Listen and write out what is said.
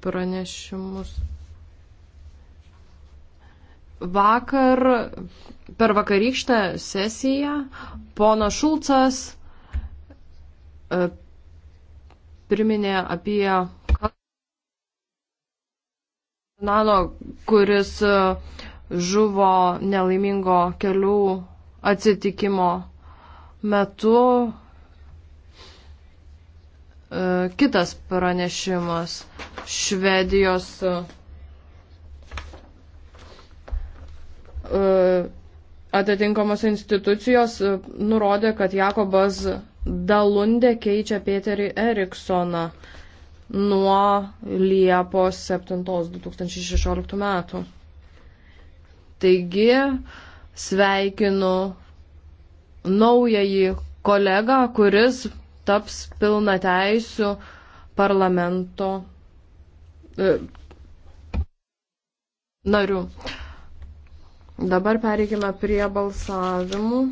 pranešimus. Vakar per vakarykštę sesiją pono Šulcas e, priminė apie nano, kuris e, žuvo nelaimingo kelių atsitikimo metu. E, kitas pranešimas Švedijos e, atitinkamos institucijos e, nurodė, kad Jakobas Dalundė keičia Peterį Eriksoną nuo Liepos 7 2016 metų. Taigi sveikinu naująjį kolegą, kuris taps pilna teisų parlamento E, narių. Dabar pereikime prie balsavimų.